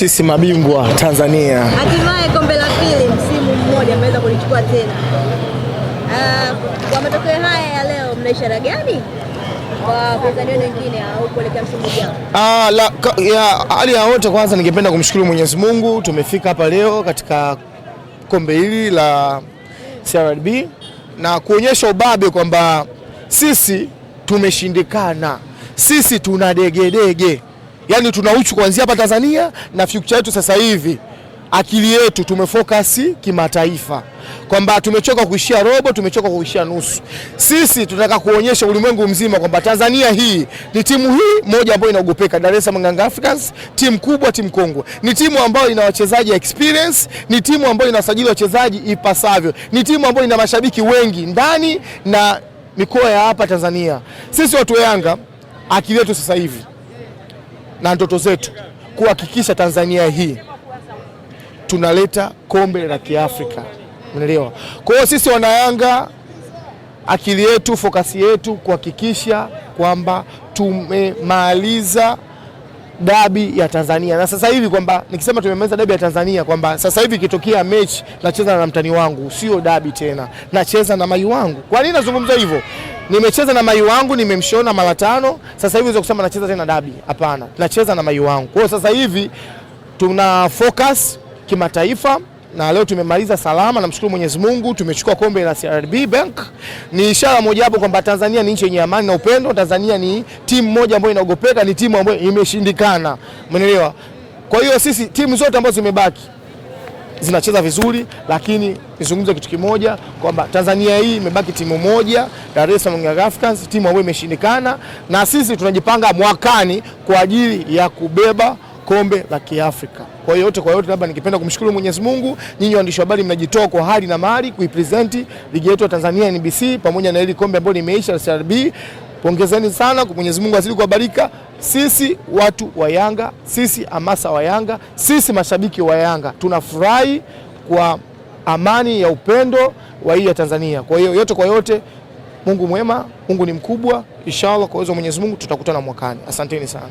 Sisi mabingwa Tanzania. Hatimaye kombe la pili msimu mmoja ameweza kulichukua tena. Uh, kwa matokeo haya ya leo mna ishara gani? Ah, la, ka, ya, hali ya wote kwanza ningependa kumshukuru Mwenyezi Mungu tumefika hapa leo katika kombe hili la CRB na kuonyesha ubabe kwamba sisi tumeshindikana, sisi tuna degedege dege yani tuna uchu kuanzia hapa Tanzania na future yetu. Sasa hivi akili yetu tumefocus kimataifa, kwamba tumechoka kuishia robo, tumechoka kuishia nusu. Sisi tunataka kuonyesha ulimwengu mzima kwamba Tanzania hii ni timu hii moja ambayo inaogopeka, Dar es Salaam Young Africans, timu kubwa, timu kongwe, ni timu ambayo ina wachezaji experience, ni timu ambayo inasajili wachezaji ipasavyo, ni timu ambayo ina mashabiki wengi ndani na mikoa ya hapa Tanzania. Sisi watu wa Yanga akili yetu sasa hivi na ndoto zetu kuhakikisha Tanzania hii tunaleta kombe la Kiafrika, unaelewa? Kwa hiyo sisi wanayanga, akili yetu, fokasi yetu kuhakikisha kwamba tumemaliza dabi ya Tanzania na sasa hivi kwamba nikisema tumemaliza dabi ya Tanzania kwamba sasa hivi ikitokea mechi nacheza na mtani wangu, sio dabi tena, nacheza na mai wangu. Kwa nini nazungumza hivyo? Nimecheza na mai wangu nimemshona mara tano. Sasa hivi unaweza kusema nacheza tena dabi? Hapana, nacheza na mai wangu. Kwa hiyo sasa hivi tuna focus kimataifa na leo tumemaliza salama, namshukuru Mwenyezi Mungu, tumechukua kombe la CRB Bank. Ni ishara hapo kwamba Tanzania ni nchi yenye amani na upendo. Tanzania ni timu moja ambayo inaogopeka, ni timu ambayo imeshindikana, umeelewa? Kwa hiyo sisi timu zote ambazo zimebaki zinacheza vizuri, lakini nizungumze kitu kimoja kwamba Tanzania hii imebaki timu moja, Dar es Salaam Young Africans, timu ambayo imeshindikana, na sisi tunajipanga mwakani kwa ajili ya kubeba kombe la Kiafrika. Kwa hiyo yote kwa yote, labda nikipenda kumshukuru Mwenyezi Mungu, nyinyi waandishi wa habari mnajitoa kwa hali na mali kuipresenti ligi yetu ya Tanzania NBC pamoja na ile kombe ambayo limeisha CRB Pongezeni sana, Mwenyezi Mungu azidi kuwabarika. Sisi watu wa Yanga, sisi amasa wa Yanga, sisi mashabiki wa Yanga tunafurahi kwa amani ya upendo wa hii ya Tanzania. Kwa hiyo yote kwa yote, Mungu mwema, Mungu ni mkubwa. Inshallah, kwa uwezo wa Mwenyezi Mungu tutakutana mwakani. Asanteni sana.